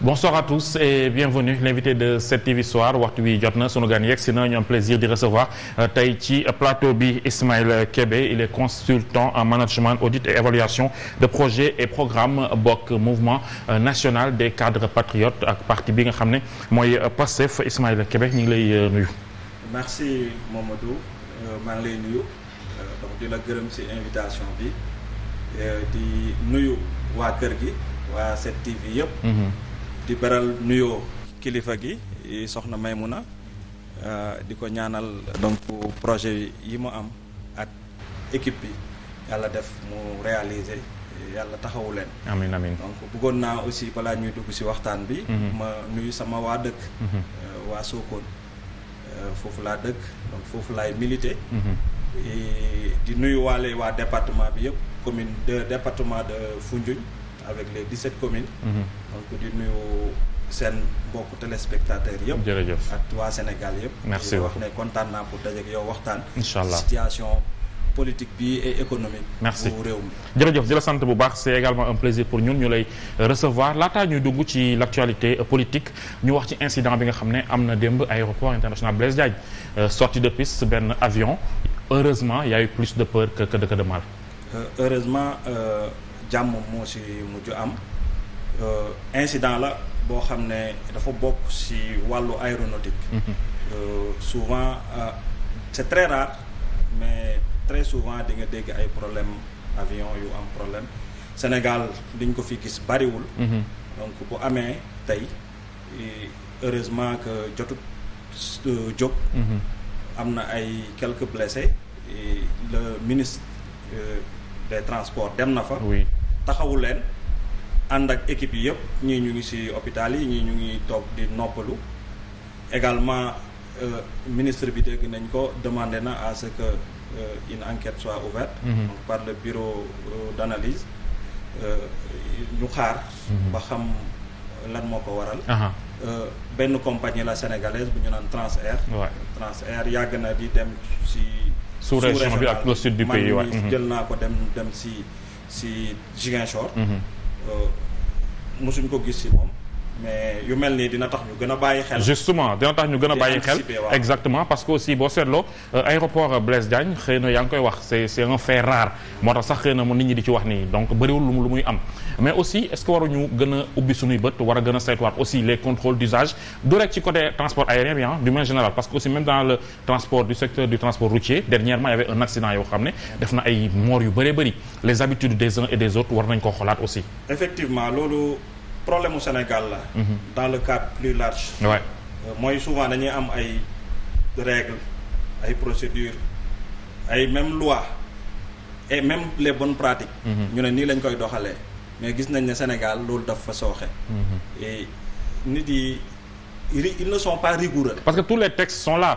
bonsoir à tous et bienvenue l'invité de 7TV Soir waxtu wi jot na sunu gan yegg si na ñu am plaisir di recevoir euh, tey ci plateau bi Ismaël kebe il est consultant en management audit et évaluation de projet et programmes bokk mouvement euh, national des cadres patriotes ak parti bi nga xam ne mooy euh, PASTEF Ismaël Kébé ñu ngi lay nuyu. merci Mamadou maa ngi lay di la gërëm ci invitation bi di nuyu waa kër gi waa 7TV yëpp. Mhm. di beral nuyoo kilifa gi soxna may Maymuna euh, di ko ñaanal donc projet yi mu am ak équipe bi yàlla def mu réalise yàlla taxawu leen. amiin amiin donc bëggoon naa aussi balaa ñuy dugg ci waxtaan bi. Mhm. ma nuyu sama waa dëkk. Mhm. Euh, waa Sokone euh, foofu laa dëkk donc foofu laay militer. Mhm. di nuyu waale waa département bi yëpp commune de département de Foundiougne. avec les 17 communes. Mhm. donc di nuyu seen mbokku téléspectateurs ak waa Sénégal yëpp. merci wax kontaan naa waxtaan. incha allah situation. politique bi et économique. merci bu réew jërëjëf di sant bu baax c'est également un plaisir pour ñun ñu lay recevoir laata ñuy dugg ci l'actualité politique ñu wax ci incident bi nga xam ne am na démb aéroport international Blaise Diagne euh, sortie de piste benn avion heureusement y a eu plus de peur que que mal. Euh, jàmm moo si mujj am euh, incident la boo xam ne dafa bokk si wàllu aéronautique mhm. euh, souvent euh, c'est très rare mais très souvent di nga dégg ay problème avion yu am problème Sénégal liñ ko fi gis bariwul mhm. donc bu amee tey heureusement que jotut jóg mhm. am na ay quelques blessés le ministre des transports dem na fa taxawu leen ànd ak équipe yi yëpp ñii ñu ngi ci hôpital yi ñii ñu ngi toog di noppalu également euh, ministre bi dégg nañ ko demandé na à ce que euh, une enquête soit ouverte mm-hmm. par le bureau euh, d'analyse euh, ñu xaar mm-hmm. ba xam lan moo ko waral euh, benn compagnie la sénégalaise bu ñu naan Transair ouais. Transair yàgg na di dem ci sous-région bi ak le sud du pays man mm-hmm. jël naa ko dem dem ci si Ziguinchor. Mhm. Euh, mosuñ ko gis si moom. mais yu mel nii dina tax ñu gën bàyyi xel. exactement parce que aussi boo seetloo euh, aéroport euh, Blaise Diagne xëy na yaa ngi koy wax c'est c'est un fait rare moo tax sax xëy na mu nit ñi di ci wax nii donc bëriwul lu muy am. mais aussi est-ce que waruñu gën ubbi suñuy bët war a gën a aussi les contrôles d'usage du rek ci côté transport aérien bi ah du moins général parce que aussi même dans le transport du secteur du transport routier dernièrement il na ay mort yu bëree problème mu Sénégal la mm -hmm. dans le cadre plus large euh, mooy souvent dañuy am ay règles ay procédures ay même loi et même les bonnes pratiques mhm. ñu ne nii lañ koy doxalee mais gis nañ ne Sénégal loolu daf fa sooxe mhm. et nit yi ils ne sont pas rigoureux parce que tous les textes sont là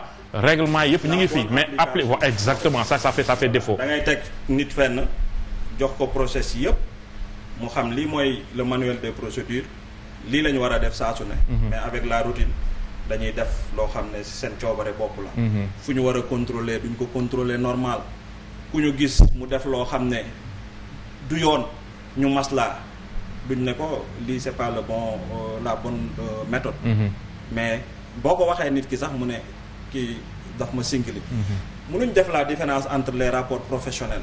règlement yëpp ñu ngi fi mais appelé wa exactement ça ça fait ça fait ngay teg nit fenn jox ko process yëpp mu xam lii mooy le manuel des procédure lii la ñu war a def saa su ne. Mhm. mais avec la routine dañuy def loo xam ne seen coobare bopp la. Mhm. fu ñu war a contrôler duñ ko contrôler normal ku ñu gis mu def loo xam ne du yoon ñu maslaa duñ ne ko li c'est pas le bon euh, la bonne euh, méthode. Mm-hmm. mais boo ko waxee nit ki sax mu ne kii daf ma singli. mënuñ mhm. def la différence entre les rapports professionnels.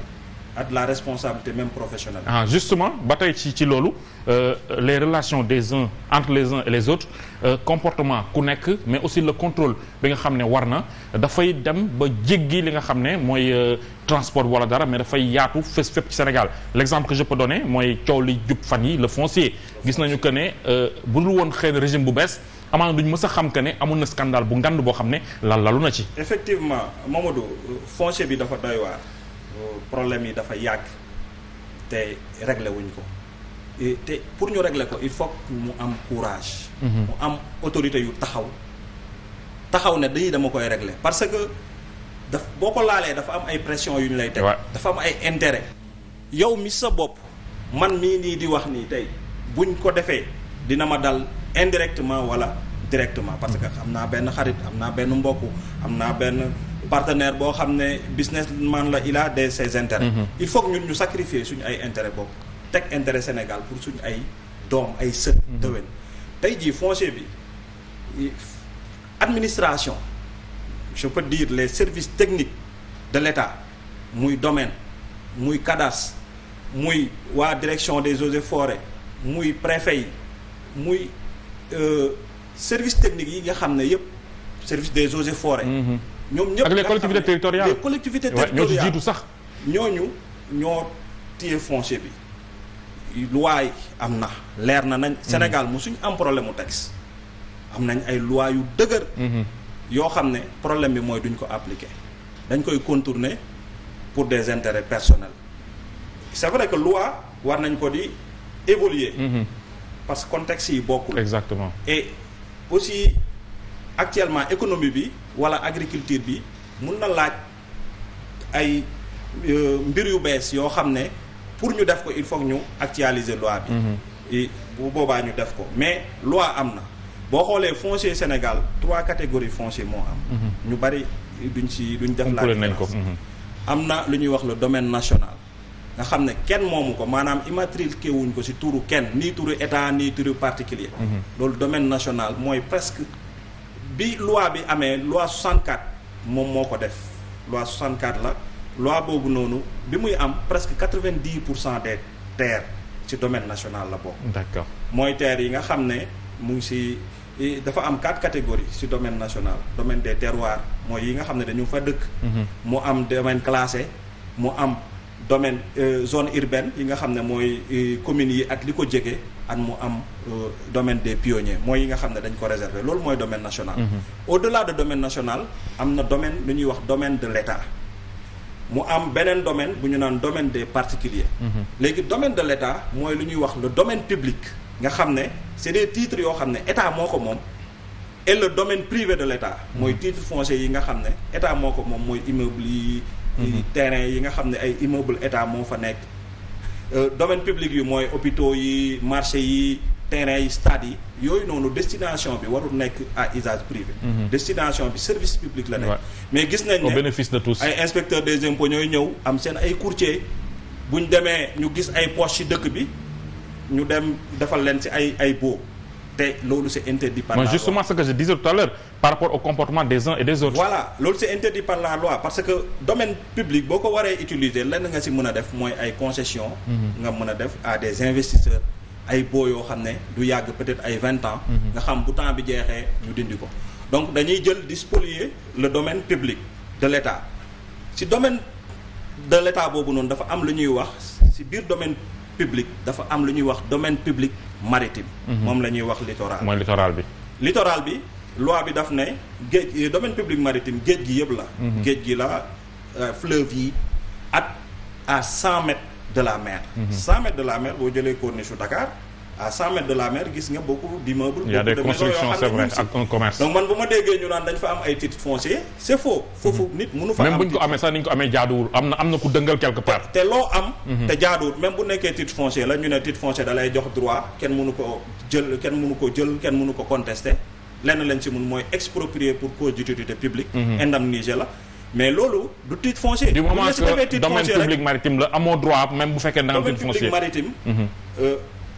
ak la responsabilité même professionnelle. ah justement ba tey ci ci loolu euh, euh, les relation des uns entre les uns et les autres euh, comportement ku nekk mais aussi le contrôle bi nga xam ne war na dafay dem ba jéggi li nga xam ne mooy euh, transport wala dara mais dafay yaatu fés fépp ci Sénégal l'exemple que je peux donner mooy coow li jub fan yi le foncier gis nañu que ne bu dul woon xëy régime bu bees. amaana duñ mës a xam que ne amoon na scandale bu ngand boo xam ne lan lalu na ci. effectivement Mamadou foncier bi dafa doy problème yi dafa yàgg te réglé wuñ ko te pour ñu régle ko il faut mu am courage mhm. mu am autorité yu taxaw taxaw ne di dama koy régle parce que daf boo ko laalee dafa am ay pression yu ñu lay teg dafa am ay intérêt yow mi sa bopp man mii nii di wax nii tey buñ ko defee dina ma dal indirectement wala directement parce que mhm. am naa benn xarit am naa benn mbokk am naa benn partenaire boo xam ne business businessman la il a des ses mm-hmm. il faut que ñun ñu sacrifier suñu ay intérêt bopp teg intérêt Sénégal pour suñu ay doom ay sët. Mm-hmm. dëwén tey jii foncier bi administration je peut dire les services techniques de l'État muy domaine muy cadastre muy waa direction des eaux et forêts muy préfet yi muy euh, service technique yi nga xam ne yëpp service des eaux et forêts. Mm-hmm. ñoom ñëpp ak les collectivités territoriales les collectivités territoriales ñoo ci jiitu sax. ñooñu ñoo téye foncier bi. loi yi am na leer na nañ. Mhm. Sénégal mosuñ am problème mu texte. am nañ ay loi yu dëgër. Mhm. yoo xam ne problème bi mooy duñ ko appliquer. dañ koy contourner pour des intérêts personnels. c'est vrai que loi war nañ ko di évoluer. Mhm. parce que contexte yi bokkul. exactement et aussi actuellement économie bi. wala agriculture bi mun na laaj ay euh, mbir yu bees yoo xam ne pour ñu def ko il faut ñu actualiser loi bi mhm. bu boobaa ñu def ko mais loi am na boo xoolee foncier Sénégal trois catégories foncier moo am mhm. ñu bari duñ si duñ def la mhm. am na lu ñuy wax le domaine national nga xam ne kenn moomu ko maanaam immatriculé wuñ ko si turu kenn nii turu état nii turu particulier loolu domaine national mooy presque bi loi bi amee loi 64 moom moo ko def loi 64 la loi boobu noonu bi muy am presque 90 pour cent des terres si domaine national la bokk. d'accord mooy terres yi nga xam ne mu ngi si dafa am quatre catégories si domaine nationale domaine des terroirs mooy yi nga xam ne dañu fa dëkk. Mhm. mu am domaine classé mu am. domaine euh, zone urbaine yi nga xam ne mooy euh, commune yi ak li ko jege ak mu am euh, domaine des pionniers mooy yi nga xam ne dañ ko réserver loolu mooy domaine national. Mhm. au-delà de domaine national am na domaine lu ñuy wax domaine de l'État mu am beneen domaine bu ñu naan domaine des particuliers. Mhm. léegi domaine de l'État mooy lu ñuy wax le domaine public. nga xam ne c'est des titre yoo xam ne état moo ko moom et le domaine privé de l'État mhm. mooy titre foncier yi nga xam ne état moo ko moom mooy immeuble yi. Mhm. terrain yi nga xam ne ay immeuble état moo fa nekk euh, domaine public yi mooy hôpitaux yi marché yi terrain yi stade yi yooyu noonu destination bi warul nekk a à usage privé mhm. destination bi service public la nekk mais gis nañ ne au bénéfice ay inspecteur des impôts ñooy ñëw am seen ay courtier bu ñu demee ñu gis ay poche ci dëkk bi ñu dem defal leen ci ay ay boobu te loolu c'est interdit par la loi. justement par rapport au comportement des uns et des autres. voilà loolu c'est interdit par la loi parce que domaine public boo ko waree utiliser lenn nga si mën a def mooy ay concessions. Mhm. nga mën a def à des investisseurs. ay boo yoo xam ne du yàgg peut-être ay vingt ans. Mhm. nga xam bu temps bi jeexee ñu dindi ko. donc dañuy jël di spolier le domaine public de l'État si domaine de l'État boobu noonu dafa am lu ñuy wax si biir domaine public dafa am lu ñuy wax domaine public. maritime. Mhm. moom la ñuy wax littoral. mooy littoral bi. littoral bi loi bi daf ne géej gi domaine public maritime géej gi yëpp la. Mhm. géej gi la euh, fleuve yi at à cent mètres de la mer. Mhm. cent mètres de la mer boo jëlee corniche su Dakar. à 100 mètres gis nga beaucoup d'immeubles. beaucoup de maisons yoo constructions c'est commerce. man bu ma déggee ñu naan dañ fa am ay titres fonciers c'est faux. foofu mhm. nit mënu fa am bu ñu ko amee sax ni ñu ko amee jaaduwul am na am na ku dëngal quelque part. te loo am. Mhm. te jaaduwul même bu nekkee titre foncier la ñu ne titre foncier da jox droit kenn mënu ko jël kenn mënu ko jël lenn lañ ci mun mooy exproprier pour cause d'utilité publique. Mhm. indemniser la. mais loolu du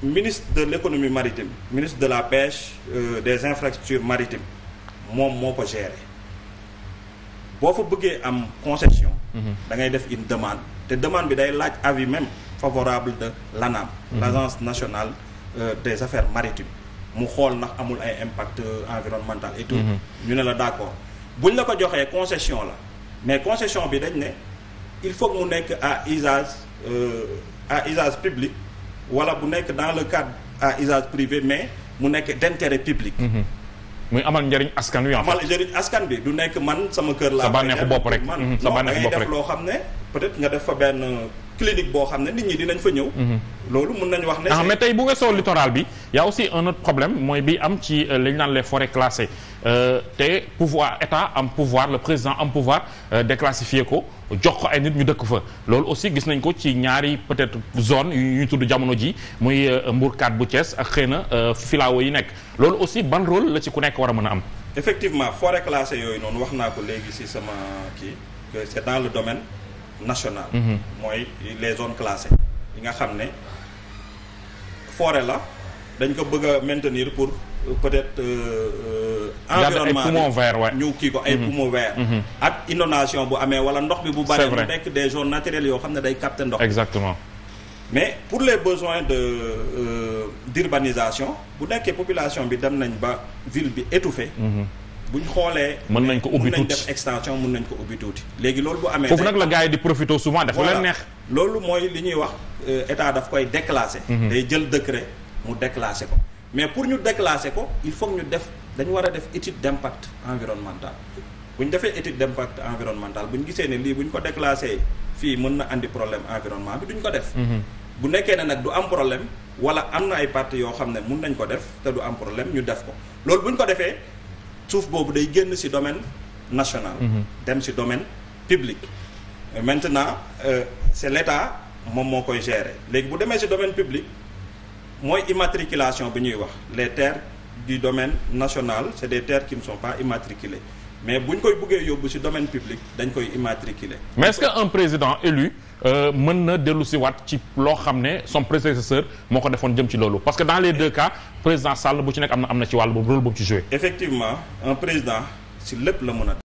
ministre de l'économie maritime ministre de la pêche euh, des infrastructures maritimes moom moo ko gérer boo fa bëggee am concession mhm. dangay def une demande te demande bi day laaj avis même favorable de l'ANAM mhm. l'agence nationale euh, des affaires maritimes mu xool ndax amul ay impact euh, environnemental et tout mhm. ñu ne la d'accord buñ la ko joxee concession la mais concession bi dañ ne il faut mu nekk à usage euh, à usage public wala bu nekk dans le cadre à usage privé mais mu nekk d'intérêt public. Mhm. muy amal njariñ askan wi. amal njëriñ askan bi du nekk man sama kër laa. sa bànneexu bopp rek man mhm, sa bànneexu bopp rek loo xam ne peut-être nga def fa benn clinique boo xam ne nit ñi dinañ fa ñëw. Mhm. loolu mun nañu wax ne. ah mais tey bu weesoo littoral bi y a aussi un autre problème mooy bi am ci euh, li ñu naan les forêts Euh, te pouvoir état am pouvoir la président am pouvoir euh, déclassifier ko jox ko ay nit ñu dëkk fa loolu aussi gis nañ ko ci ñaari peut-être zone yu ñuy tudd jamono ji muy euh, mburkaat bu cees ak xëy na filao yi nekk loolu aussi ban rôle la ci ku nekk war a mën a am effectivement forêt classée yooyu noonu wax naa ko léegi si sama kii que c'est dans le domaine national mhm. mooy les zones classées yi nga xam ne forêt la dañ ko bëgg a maintenir pour Euh, peut-être euh, euh, environnement poumon vert waay ñu kii ko ay mhm. poumon vert mhm. ak inondation bu amee wala ndox bi bu bari mu nekk des zones naturelles yoo xam ne day capter ndox exactement mais pour les besoins de d'urbanisation bu nekkee population bi dem nañ ba ville bi étouffée mhm. bu ñu xoolee. mën nañ ko ubbi tuuti nañ def extension mën nañ ko ubbi tuuti. léegi loolu bu amee foofu nag la gars yi di profité souvent daf leen neex. loolu mooy li ñuy wax état daf koy déclasser. day jël décret mu déclasser ko. mais pour ñu déclasser ko il faut ñu def dañu war a def étude d' impact environnemental bu ñu defee étude d' impact environnemental bu ñu gisee ne lii bu ñu ko déclassé fii mën na indi problème environnement bi duñ ko def. Mhm. bu nekkee ne nag du am problème wala am na ay parties yoo xam ne mun nañ ko def te du am problème ñu def ko loolu bu ñu ko defee suuf boobu day génn ci domaine national. Mhm. dem ci domaine public. Euh, maintenant euh, c' est l' moom moo koy gérer léegi bu demee ci domaine public. mooy immatriculation bi ñuy wax les terres du domaine national c'est des terres qui ne sont pas immatriculées mais bu ñu koy bëggee yóbbu ci domaine public dañ koy immatriculer. mais est-ce que un président élu euh, mën na dellu si waat ci loo xam ne son prédécesseur moo ko defoon jëm ci loolu parce que dans les deux cas président Sall bu ci nekk am na am na ci wàll boobu rôle boobu ci joué. effectivement un président si lépp la mën a.